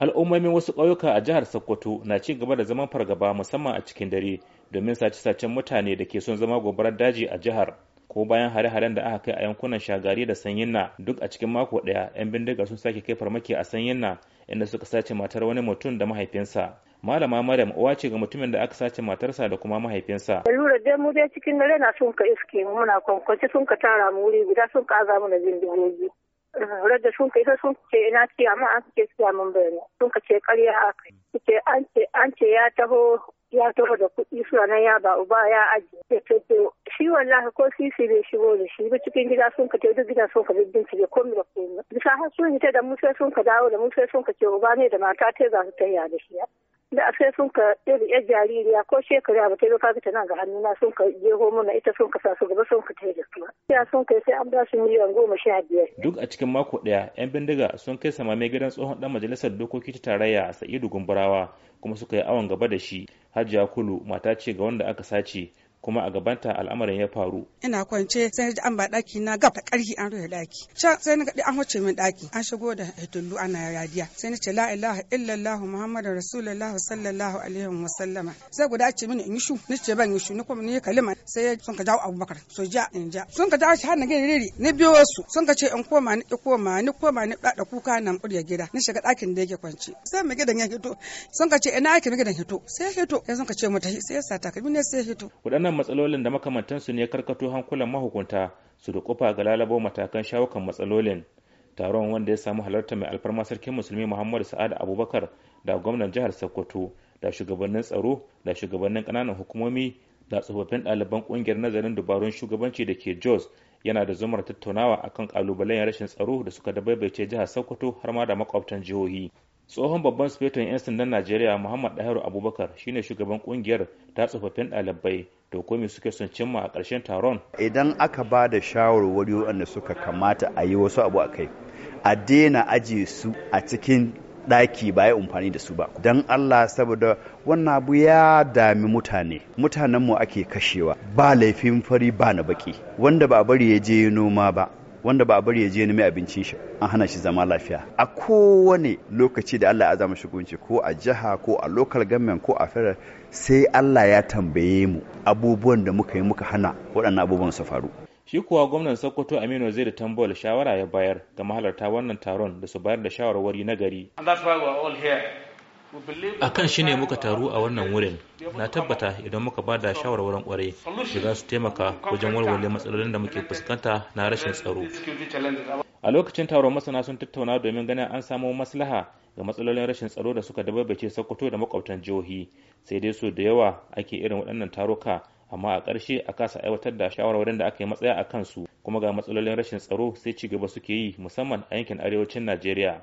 al'ummomin wasu ƙauyuka a jihar sokoto na ci gaba da zaman fargaba musamman a cikin dare domin sace-sacen mutane da ke son zama gobarar daji a jihar ko bayan hare-haren da aka kai a yankunan shagari da sanyin na duk a cikin mako ɗaya 'yan bindiga sun sake kai farmaki a sanyin na inda suka sace matar wani mutum da mahaifinsa malama maryam uwa ce ga mutumin da aka sace matarsa da kuma mahaifinsa lura dai mu dai cikin dare na sun ka iske muna kwankwanci sun ka tara mu wuri guda sun ka aza mana bindigogi rada sun kai sun ce ina ce amma an ce su mun bayani sun ka ce karya a kai ce an ce an ce ya taho ya taho da kuɗi suna nan ya ba uba ya aji ya ce shi wallahi ko sisi bai shigo da shi ba cikin gida sun ka ce duk gida sun ka ne ko mu da komai bisa har sun ta da mu sai sun ka dawo da mu sai sun ka ce uba ne da mata ta za su tayya da shi da a sai sun ka ɗari yar jaririya ko shekara ba ta yi kaga ta nan ga hannuna sun ka homo na ita sun ka sa su gaba sun ka ta da su ya sun kai sai an ba su miliyan goma sha biyar. duk a cikin mako ɗaya yan bindiga sun kai sama mai gidan tsohon ɗan majalisar dokoki ta tarayya a sa'idu gumburawa kuma suka yi awon gaba da shi hajiya kulu mata ce ga wanda aka sace kuma a gabanta al'amarin ya faru. Ina kwance sai na ji an ba daki na gab da karhi an rufe daki. Can sai na gadi an wuce min daki an shigo da hitullu ana radiya. Sai na ce la ilaha illallah muhammadu rasulullah sallallahu alaihi wa sallama. Sai guda ce mini in yi shu ni ce ban yi shu ni kuma ni kalima sai sun ka jawo Abubakar so ja in ja. Sun ka jawo shi har na gani riri ni biyo su sun ka ce in koma ni koma ni koma ni da kuka nan kurya gida ni shiga dakin da yake kwance. Sai mu gidan ya hito sun ka ce ina ake mu gidan hito sai hito sai sun ka ce mu tafi sai ya sa takalmi ne sai hito. waɗannan matsalolin da makamantansu ne karkato hankulan mahukunta su da kufa ga lalabo matakan shawukan matsalolin taron wanda ya samu halarta mai alfarma sarkin musulmi muhammadu sa'ad abubakar da gwamnan jihar sokoto da shugabannin tsaro da shugabannin ƙananan hukumomi da tsofaffin ɗaliban ƙungiyar nazarin dubarun shugabanci da ke jos yana da zumar tattaunawa akan ƙalubalen rashin tsaro da suka dabaibaice jihar sokoto har ma da makwabtan jihohi tsohon babban sufetan 'yan sandan najeriya muhammad dahiru abubakar shine shugaban ƙungiyar ta tsofaffin ɗalibai da ko me suke son cimma a ƙarshen taron idan aka ba da shawarwari waɗanda suka kamata a yi wasu abu a kai a daina aje su a cikin ɗaki ba ya amfani da su ba don allah saboda wannan abu ya dami mutane mutanenmu ake kashewa ba laifin fari ba na baki wanda ba bari ya je noma ba wanda ba bari ya je nemi abincin shi an hana shi zama lafiya a kowane lokaci da Allah ya azama shugunci ko a jiha ko a local government ko a federal sai Allah ya tambaye mu abubuwan da muka yi muka hana waɗannan abubuwan su faru shi kuwa gwamnan sokoto aminu zai da tambayar shawara ya bayar ga mahalarta wannan taron da su bayar da shawarwari na gari and that's why are all here a kan shi ne muka taru a wannan wurin na tabbata idan muka ba da shawarwarin kwarai da za su taimaka wajen walwale matsalolin da muke fuskanta na rashin tsaro a lokacin taron masana sun tattauna domin ganin an samo maslaha ga matsalolin rashin tsaro da suka dababace sokoto da makwabtan jihohi sai dai su da yawa ake irin waɗannan taruka amma a ƙarshe a kasa aiwatar da shawarwarin da aka yi matsaya a kansu kuma ga matsalolin rashin tsaro sai ci gaba suke yi musamman a yankin arewacin najeriya